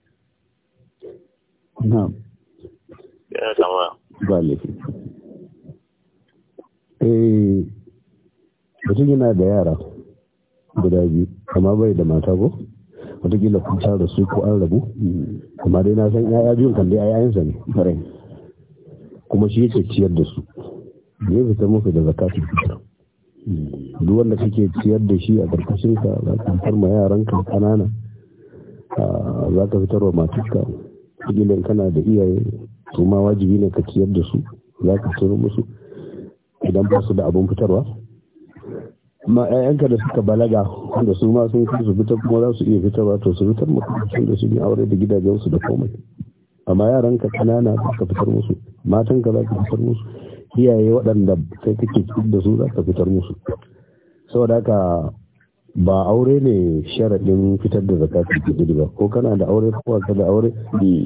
[SPEAKER 2] yana eh, mutum yana da yara guda biyu amma bai da mata ko watakila kun da su ko an rabu amma dai na san yaya biyun kan dai yayansa ne kare kuma shi yake ciyar da su zai fita masa da zakatun fitar duk wanda kake ciyar da shi a karkashin ka za ka fitar ma yaranka kanana ah, za ka fitar wa matuka. idan kana da iyaye to ma wajibi ne ka ciyar da su za ka tsoro musu idan ba su da abin fitarwa ma 'ya'yanka da suka balaga wanda su ma sun su fitar kuma za su iya fitarwa to su fitar mutum da su yi aure da gidajensu da komai amma yaranka kanana za ka fitar musu matanka za ka fitar musu iyaye waɗanda kai kake da su za ka fitar musu saboda haka ba aure ne sharaɗin fitar da zakatun fitr ba ko kana da aure ko ka da aure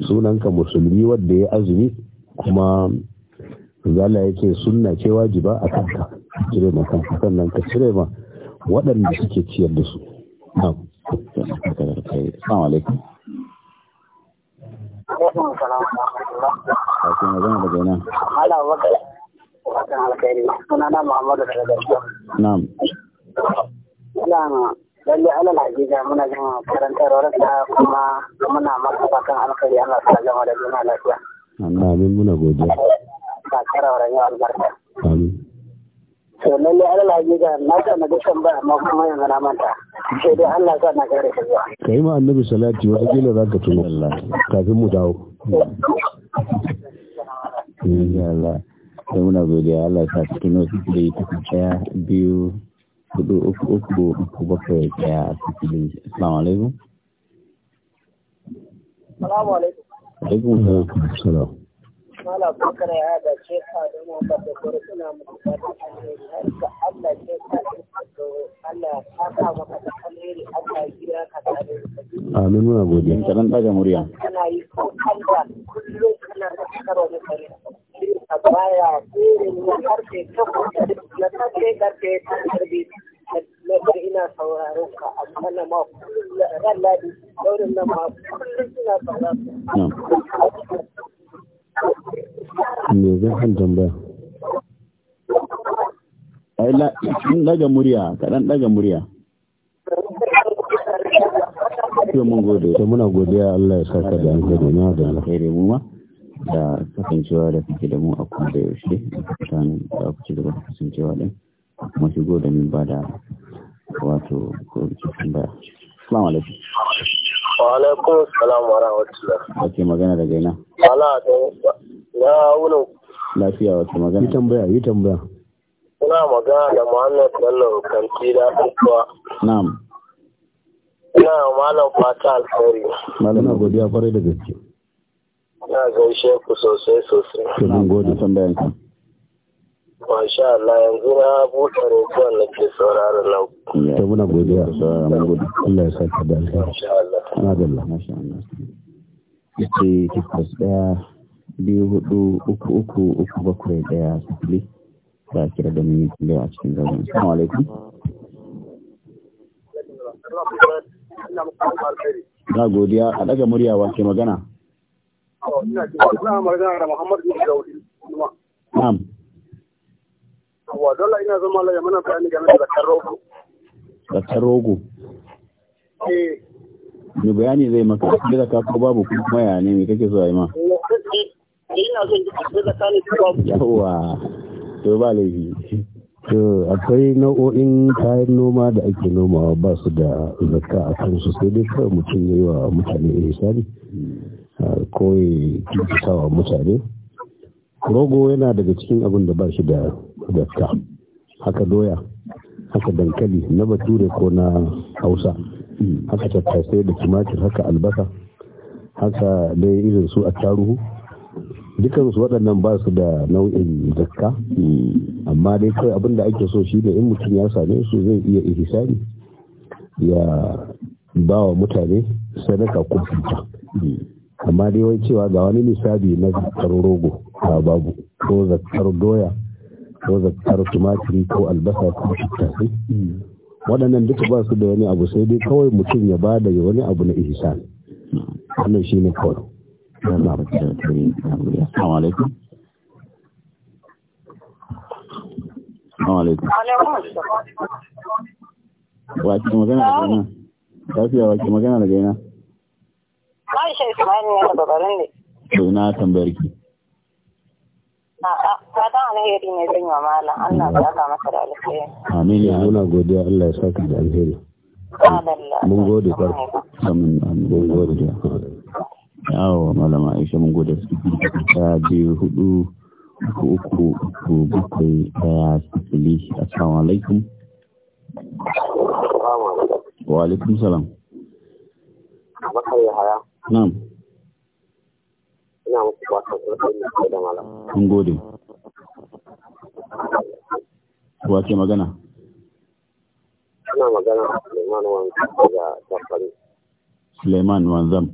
[SPEAKER 2] sunanka musulmi wanda ya azumi kuma zala yake sunna ce wajiba a kanka cire ma kanka sannan ka cire ma waɗanda suke ciyar da su na'am assalamu alaikum
[SPEAKER 1] Ala Muhammadu daga Na'am. Ina lalle alal hakika muna jin kuma muna masa bakan alkhairi Allah sa da juna lafiya.
[SPEAKER 2] amin muna godiya. Amin.
[SPEAKER 1] To lalle na sa na ga ba amma kuma yanzu na manta. Sai dai Allah sa na gare Ka zuwa.
[SPEAKER 2] Kai ma annabi salati wata kila za ka tuno Allah kafin mu dawo. Insha Allah. Sai muna godiya Allah sa cikin wasu da ya tafi biyu hudu uku uku uku bakwai daya sifili assalamu alaikum alaikum assalam
[SPEAKER 1] mala bakar ya da ce ka da mu ba da gore alheri har Allah ce ka Allah ya saka maka da alheri Allah ya gida ka da alheri
[SPEAKER 2] amin muna murya
[SPEAKER 1] kana yi ko kanta kullum kana da karo da kare ka baya kore mu har ka na ta ce ta karbi na ina sauraron ka ma kullum ran ladi daurin ma kullum sauraron ka
[SPEAKER 2] me zan kan tambaya ai la kin daga murya ka daga murya to mun gode to muna godiya Allah ya saka da alheri na da alheri mu ma da kasancewa da kike da mu a kuma da yaushe mutanen da ku ci gaba kasancewa din kuma shigo da min ba da wato ko cikin da assalamu alaikum
[SPEAKER 1] wa alaikum assalam wa rahmatullah
[SPEAKER 2] ake magana daga ina
[SPEAKER 1] ala da na wunan
[SPEAKER 2] lafiya wata magana yi tambaya yi tambaya
[SPEAKER 1] Ina magana da Muhammad Bello Kanti da Kuwa. Na'am. Ina malam fata alkhairi.
[SPEAKER 2] Malam godiya kwarai da gaske.
[SPEAKER 1] Na gaishe ku sosai sosai.
[SPEAKER 2] To mun gode tambayan ka.
[SPEAKER 1] Masha Allah yanzu na buɗe rediyon na ke sauraron
[SPEAKER 2] nan. To muna godiya sauraron mun gode. Allah ya saka da alkhairi. Masha Allah. Ana da Allah. Masha Allah. Yake kifas ɗaya biyu hudu uku uku uku bakwai daya sifili fili ta kira domin yin a cikin zaune. Assalamu alaikum. Na godiya a daga murya wa ke magana.
[SPEAKER 1] Ina magana Na'am. Wa dole ina zama la yamana bayani game da zakar rogo.
[SPEAKER 2] Zakar rogo. Eh. Ni bayani zai maka da zakar ko babu kuma ya ne me kake so a yi ma?
[SPEAKER 1] Eh, akwai
[SPEAKER 2] nau'o'in kayan noma da ake noma ba su da zakka a kansu sai dai kawai mutum yi wa mutane ihsani ko ya kinkita wa mutane rogo yana daga cikin abin da ba shi da zakka haka doya haka dankali na bature ko na hausa haka tattasai da tumatir haka albasa haka dai irin su a taruhu dukansu waɗannan ba su da nau'in zakka hmm. amma dai kawai abin da ake so shi ne in mutum ya same su zai iya ihisani ya ba wa mutane sadaka ko fita hmm. amma dai wai cewa ga wani misali na zakkar rogo a babu ko zakkar doya ko zakkar tumatiri ko albasa ko tattasai hmm. waɗannan duka ba su da wani abu sai dai kawai mutum ya ba da wani abu na ihisani wannan shi ne kawai zan ba baki da tare yi wa malam Allah ya saka da alheri mun gode mun gode Awo malama Aisha mun gode su ta biyu hudu uku uku uku bakwai daya sifili assalamu alaikum. Wa alaikum salam. Na'am.
[SPEAKER 1] Ina muku fatan alheri da
[SPEAKER 2] Mun gode. Wa ke magana?
[SPEAKER 1] Ina magana Suleiman Wanzam daga
[SPEAKER 2] Suleiman Wanzam.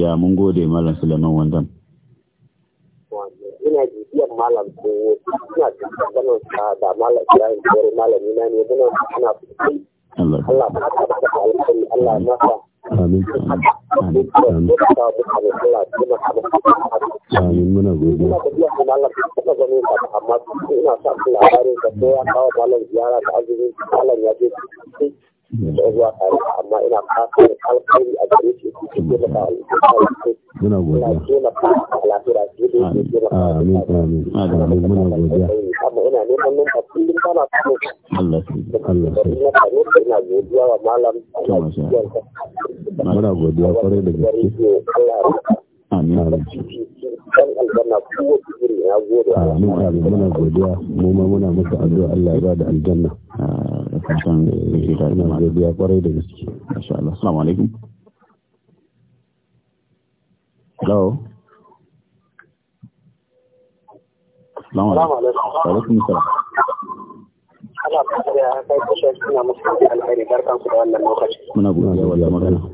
[SPEAKER 2] Ya mun gode Malam Suleiman Wandan.
[SPEAKER 1] Ina bibiyar Malam ko ina da Malam Ibrahim Kore Malam na ne muna ana Allah Allah ba ta ba ta Allah na sa. Amin. Amin. Amin muna gode. Ina tafiya Malam amma ina sa labarin ka ko kawo Malam ziyara ta azumin Malam ya je da zuwa tare amma ina fatan alkhairi a gare shi su ke da alkhairi muna godiya ina fatan lafiya su ke da amin amin amin muna godiya amma ina neman nan a kullum kana fatan Allah shi Allah shi ina fatan ina godiya wa malam
[SPEAKER 2] muna godiya kwarai da gaske Allah ya Amin. muna godiya mu muna masa addu'a Allah ya ah, da aljanna. kwarai da gaske. Masha Allah. Assalamu alaikum. Hello. Assalamu alaikum.
[SPEAKER 1] alaikum wannan lokaci.
[SPEAKER 2] Muna magana.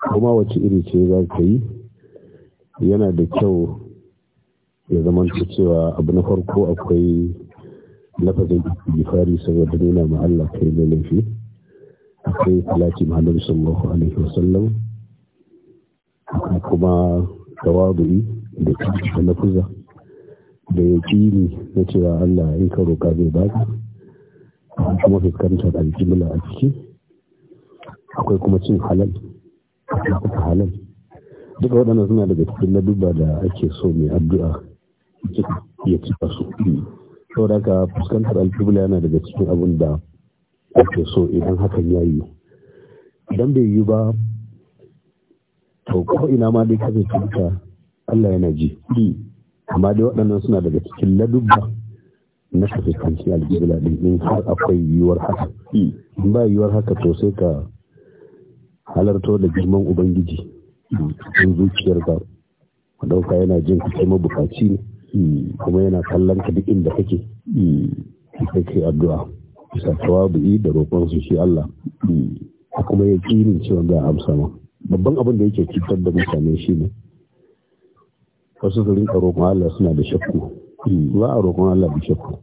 [SPEAKER 2] kuma wace iri ce za ka yi yana da kyau ya zama cewa abu na farko akwai lafazin gifari saboda nuna ma Allah kai da laifi akwai talaki ma'anar sallahu alaihi wasallam akwai kuma tawadu'i da kuma nafuza da ya yaƙini na cewa Allah in ka roƙa zai ka kuma fuskantar aljibla a ciki akwai kuma cin halal halin duka waɗanda suna daga cikin duba da ake so mai addu'a ya cika su da haka fuskantar alfibula yana daga cikin abin da ake so idan hakan ya yi idan bai yi ba to ko ina ma dai kaje cinta Allah yana ji amma dai waɗannan suna daga cikin ladubba na fuskanci alkibla din in har akwai yiwuwar haka in ba yiwuwar haka to sai ka halarto da girman ubangiji cikin zuciyar ka dauka yana jin ka kai mabukaci ne kuma yana kallon ka duk inda kake sai kai addu'a bisa tawabu'i da roƙon su shi Allah kuma ya kini cewa ga amsa ma babban abin da yake cutar da mutane shi ne wasu su rinka roƙon Allah suna da shakku ba a roƙon Allah da shakku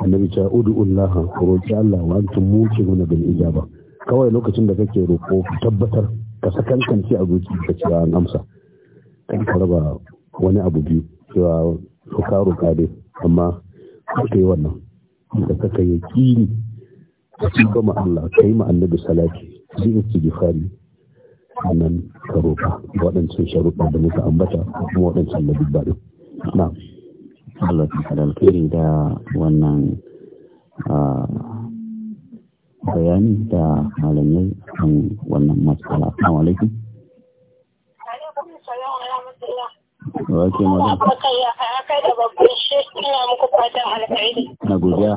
[SPEAKER 2] annabi ta udu'ullaha roƙi Allah wa antum muqinuna bil ijaba kawai lokacin da kake roƙo tabbatar ka sakankanci a zuci da cewa an amsa kan ka wani abu biyu cewa roƙa roƙa dai amma ka yi wannan ka saka ya kini ka ci Allah ka yi da salafi zai yi gifari nan ka roƙa waɗancan sharuɗa da muka ambata kuma waɗancan da dubba din na Allah ta da wannan ah, bayani da malamai kan wannan matsala. Assalamu alaikum. Wake ya
[SPEAKER 1] Kai da babban shi ina muku fatan alkhairi. Na godiya.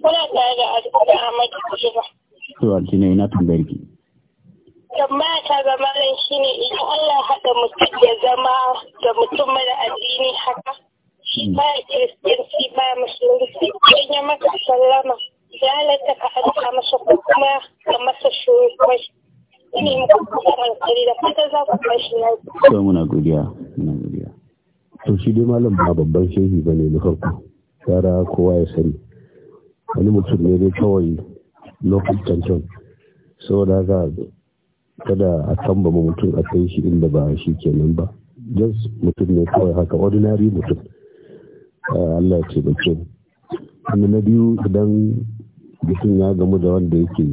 [SPEAKER 1] Kuna tare da Alhaji Ahmad Kujiba.
[SPEAKER 2] To Alhaji ina tambayar ki.
[SPEAKER 1] Tambaya ta zama ga malam shine idan Allah haɗa mutum ya zama da mutum mara addini haka. Shi hmm. ba ya kiristanci ba musulunci. Idan ya masa sallama. ya ka aika masa ko kuma ka masa shuru ne ina yi muku hankali da fatan za ku bashi na
[SPEAKER 2] to muna godiya muna godiya to shi dai malam ba babban shehi ba ne na farko tsara kowa ya sani wani mutum ne dai kawai lokacin can saboda haka kada a tambama mutum a kai shi inda ba shi kenan ba jos mutum ne kawai haka ordinary mutum ah, Allah ya ce bakin. na biyu idan mutum ya gamu da wanda yake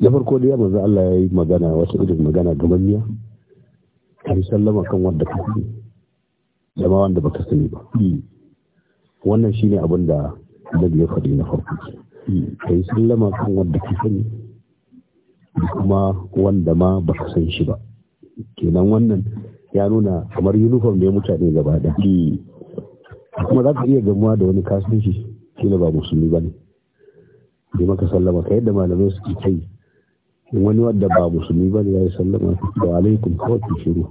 [SPEAKER 2] na farko da yamma za Allah ya yi magana wasu irin magana gamanniya kan sallama kan wanda ka fi, zama wanda ba ka sani ba wannan ne abin da zai faɗi na farko yi sallama kan wanda ka sani kuma wanda ma baka san shi ba kenan wannan ya nuna kamar uniform ne mutane gaba da kuma za ka iya gamuwa da wani kasuwanci kila ba musulmi ba ne bai maka sallama ka yadda malamai suke kai wani wadda ba musulmi ba ne ya yi sallama da alaikum kawai ki shiru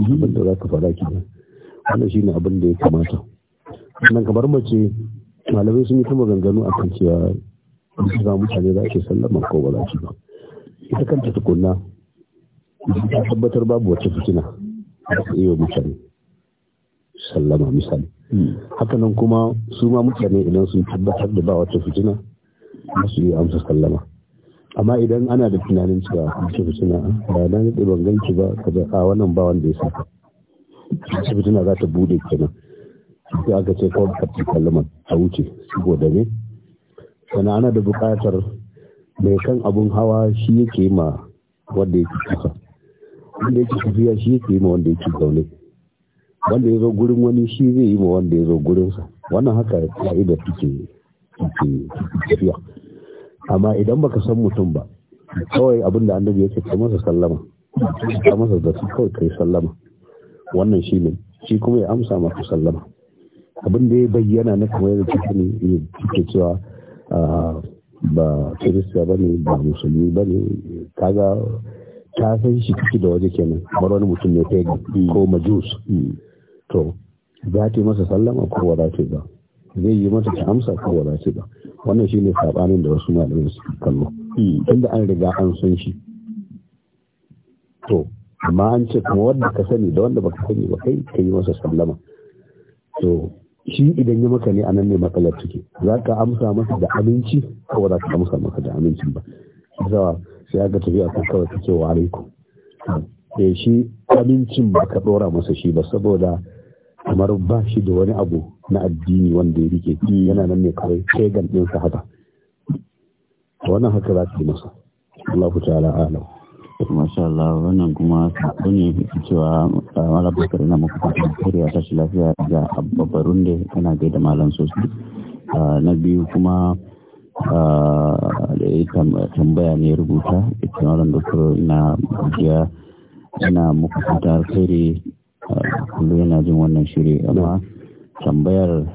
[SPEAKER 2] abin da za ka fara ki wannan shi ne abin da ya kamata sannan kamar mace malamai sun yi ta maganganu a kan cewa bisa za mutane za ke sallama ko ba za ki ba ita kanta tukunna ta tabbatar babu wata fitina a iya mutane sallama misali hakanan kuma su ma mutane idan sun tabbatar da ba wata fitina ba su yi amsa sallama amma idan ana da tunanin cewa wata fitina ba na daɗe ban ganki ba ka a wannan ba wanda ya saka wata fitina za ta bude kenan sai aka ce kawai kafin sallama a wuce saboda ne sannan ana da buƙatar mai kan abun hawa shi yake ma wanda yake kusa wanda yake tafiya shi yake ma wanda yake zaune wanda ya zo gurin wani shi zai yi ma wanda ya zo sa. wannan haka ka'idar take tafiya amma idan baka san mutum ba kawai abin da annabi yake kai masa sallama ka masa da su kawai kai sallama wannan shi ne shi kuma ya amsa maka sallama abin da ya bayyana na kuma yadda kake ne ya cewa ah, ba kirista ba ne ba musulmi ba ne kaga ta san shi kike da waje kenan bar wani mutum ne kai ko majus mm. to za ta yi masa sallama ko ba za ta yi ba zai yi masa ta amsa ko ba za ta ba wannan shi ne saɓanin da wasu malamai suke kallo inda an riga an san shi to amma an ce kuma wanda ka sani da wanda baka sani ba kai ka yi masa sallama to shi idan ya maka ne a nan ne matsalar ciki? za ka amsa masa da aminci ko za ka amsa masa da amincin ba zawa sai aka tafi a kan kawai take wa alaikum da eh, shi amincin ba ka ɗora masa shi ba saboda kamar ba shi da wani abu na addini wanda ya rike yana nan ne kawai pagan ɗinsa haka wannan haka za su yi masa Allah ta'ala alam masha Allah wannan kuma sako ne cewa ah, malam bakar na muku fatan kariya tashi lafiya ga babbarun da yana gaida malam sosai ah, na biyu kuma ah, da ya tambaya ne rubuta ita malam dokar na gajiya ina muku fatan kariya kullum yana jin wannan shiri amma tambayar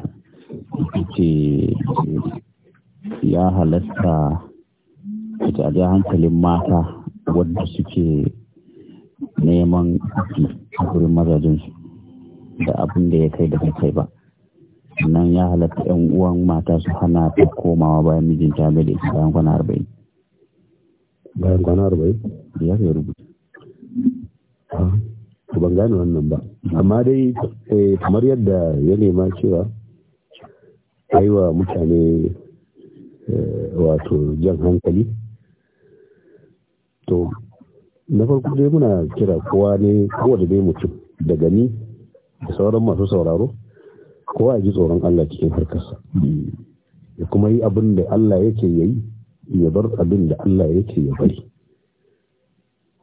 [SPEAKER 2] ce ya halatta ita a hankalin mata wadda suke neman a wurin mazajensu da abin da ya kai da kai ba nan ya halatta yan uwan mata su hana ta komawa bayan mijinta mai da ita bayan kwana arba'in bayan kwana ya rubuta ah. to ban gane wannan ba amma dai eh, kamar yadda ya nema cewa wa mutane eh, wato jan hankali to na farko dai muna kira kowa ne kowa da dai mutum daga ni da sauran masu sauraro kowa ya ji tsoron Allah cikin harkarsa ya kuma yi abin da Allah yake yayi ya bar abin da Allah yake ya bari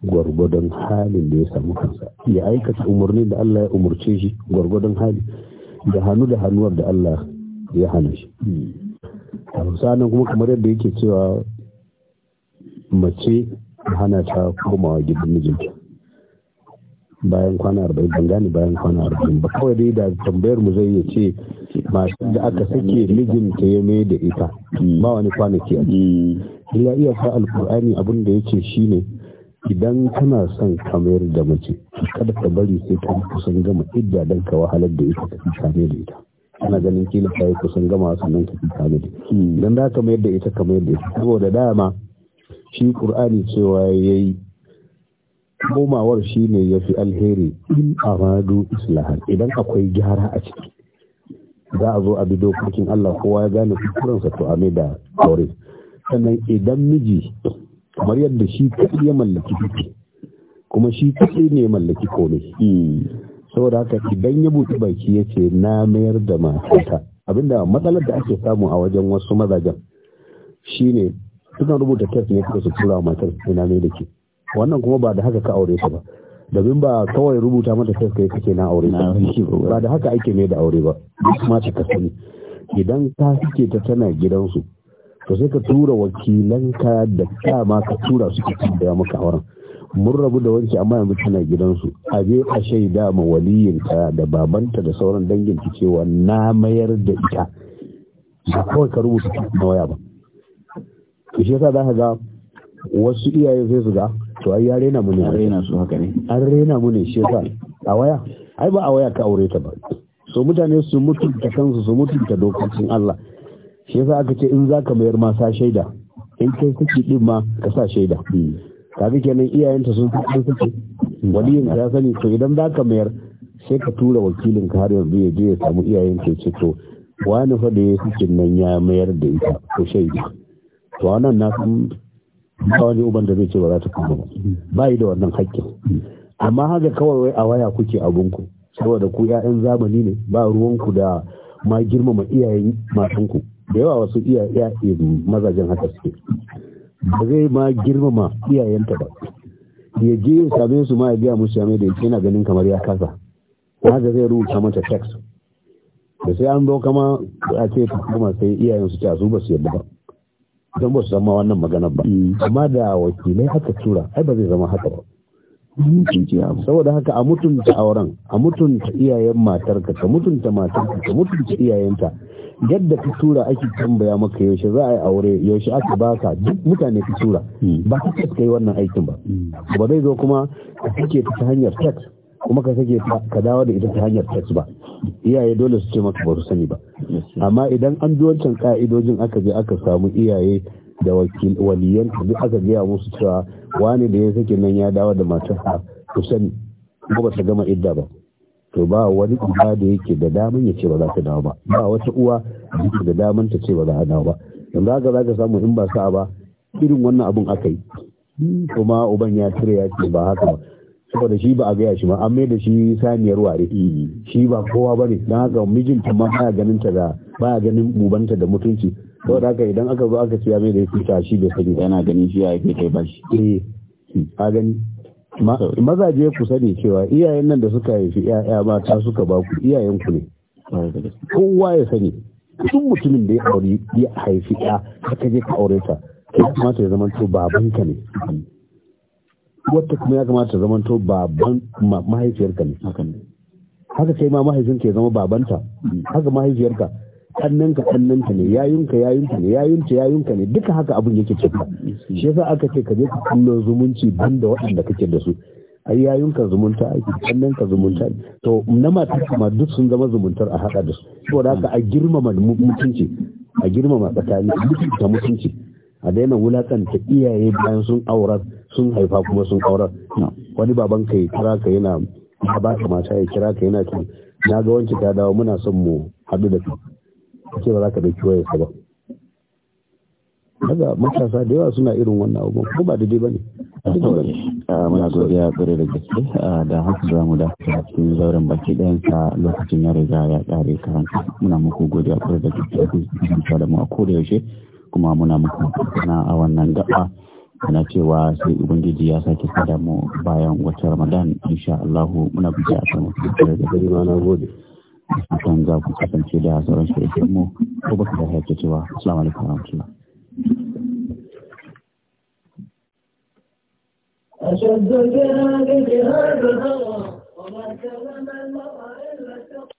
[SPEAKER 2] gwargwadon halin da ya samu kansa ya aikata umarnin da Allah ya umarce shi gwargwadon hali da hannu da hannuwar da Allah ya hana shi hmm. sanan kuma kamar yadda yake cewa mace hana ta komawa gidan mijinta bayan kwana arba'in ban gane bayan kwana arba'in ba kawai dai da tambayar mu zai ce masu da aka sake mijinta ya mai da ita ba wani kwanaki a hmm. ya iya sa alkur'ani abin da yake shine idan kana son kamar da mace kada ka bari sai ta kusan gama idda dan ka wahalar da ita ka kame da ita ana ganin kila ta yi kusan gama sannan ka kamar da ita idan da ka mayar da ita kamar da ita saboda dama shi qur'ani cewa yayi komawar shi ne ya fi alheri in amadu islahan idan akwai gyara a ciki za a zo a bi dokokin Allah kowa ya gane kukuransa to a da aure sannan idan miji kamar yadda shi kaɗai ya mallaki duk kuma shi kaɗai ne ya mallaki komai saboda haka idan ya buɗi baki ya ce na mayar da matata abinda matsalar da ake samu a wajen wasu mazajen ne sukan rubuta test ne suka su tura matar ina ne da ke wannan kuma ba da haka ka aure ta ba domin ba kawai rubuta mata test kai kake na aure ba da haka ake ne da aure ba duk idan ta suke ta tana gidansu Ka sai ka tura wakilanka da dama ka tura su cikin da maka auren mun rabu da wanki amma yanzu tana gidansu a je a shaida ma waliyinta da babanta da sauran dangin cewa na mayar da ita ba kawai ka rubuta na waya ba ki shi yasa zaka ga wasu iyaye sai su ga to ai ya rena mu ne rena su haka ne an rena mu ne shi yasa a waya ai ba a waya ka aure ta ba so mutane su mutunta kansu su mutunta dokokin Allah shi yasa aka ce in za ka mayar ma sa shaida in kai saki din ma ka sa shaida hmm. kaga kenan iyayenta sun san saki hmm. waliyin ya sani to idan za ka mayar sai ka tura wakilin ka har yanzu ya je ya samu iyayen ke ce to wani fa da ya suke nan ya mayar da ita ko shaida to wannan na san ba wani uban da zai ce ba za ta kuma ba hmm. ba yi da wannan haƙƙin amma haka kawai wai a waya kuke abunku saboda ku 'ya'yan zamani ne ba ruwanku da ma girmama iyayen matanku da yawa wasu iya iyaye mazajen haka suke ba zai ma girmama iyayenta ba ya je ya same su ma ya biya musu mai da yake yana ganin kamar ya kasa haka zai rubuta mata text da sai an zo kama a ce kuma sai iyayen su ce su ba su yadda ba don ba su zama wannan magana ba amma da wakilai haka tura ai ba zai zama haka ba saboda haka a mutunta auren a mutunta iyayen matarka ka mutunta matarka ta mutunta iyayenta yadda fitura tura ake tambaya maka yaushe za a yi aure yaushe aka baka duk mutane ka tura hmm. ba ka ce kai wannan aikin ba hmm. ba zai zo kuma ka sake ta hanyar tax kuma ka sake ka dawo da ita ta hanyar tax ba iyaye dole su ce maka ba su sani ba amma idan an bi wancan ka'idojin aka je aka samu iyaye da waliyan duk aka gaya musu cewa wani da ya sake nan ya dawo da matarsa ku sani ba ta gama idda ba to ba wani uba da yake da daman ya ce ba za ta dawo ba ba wata uwa da yake da daman ta ce ba za a dawo ba yanzu haka za ka samu in ba sa ba irin wannan abun aka yi kuma uban ya cire ya ce ba haka ba saboda shi ba a gaya shi ma an mai da shi saniyar ware shi ba kowa ba ne don haka mijinta ma baya ganin ta da baya ganin ubanta da mutunci saboda haka idan aka zo aka ce ya mai da ya ta shi bai sani yana ganin shi ya kai kai ba shi eh a gani mazaje ku sani cewa iyayen nan da suka haifi ‘ya'ya mata suka ba ku iyayen ku ne kowa ya sani duk mutumin da ya aure ya haifi ‘ya haka je ka aure ta ya kamata ya zama to babanka ne wata kuma ya kamata ya zama to baban mahaifiyarka ne haka kai ma mahaifinka ya zama babanta mm. haka mahaifiyarka kannanka kannanta ne yayinka yayinka ne yayinta yayinka ne duka haka abin yake ciki shi yasa aka ce ka je ka kullo zumunci banda waɗanda kake da su ai yayinka zumunta ake kannanka zumunta to na mata kuma duk sun zama zumuntar a haɗa da su saboda haka a girmama mutunci a girmama tsakani mutunta mutunci a daina wulakanta iyaye bayan sun aurar sun haifa kuma sun aura. wani baban ka ya kira ka yana ba ka mata ya kira ka yana ce na ga wancan ta dawo muna son mu haɗu da kai ce ba za ka dauki wayarsa ba haka matasa da yawa suna irin wannan abu ko ba dai ba ne eh, muna godiya tsere da gaske eh, da haka za mu dace a cikin zauren baki sa lokacin ya riga ya ƙare karanta muna muku godiya tsere da gaske da cikin da mu a koda yaushe kuma muna muku na a wannan gaba ana cewa sai ubangiji ya sake sada mu bayan wata ramadan insha Allah muna biya a kan wasu da na kan za ku kasance da sauran shirin mu ko baka da haƙƙi cewa assalamu alaikum warahmatullahi
[SPEAKER 1] أشد الجهاد جهاد الهوى كلم المرأة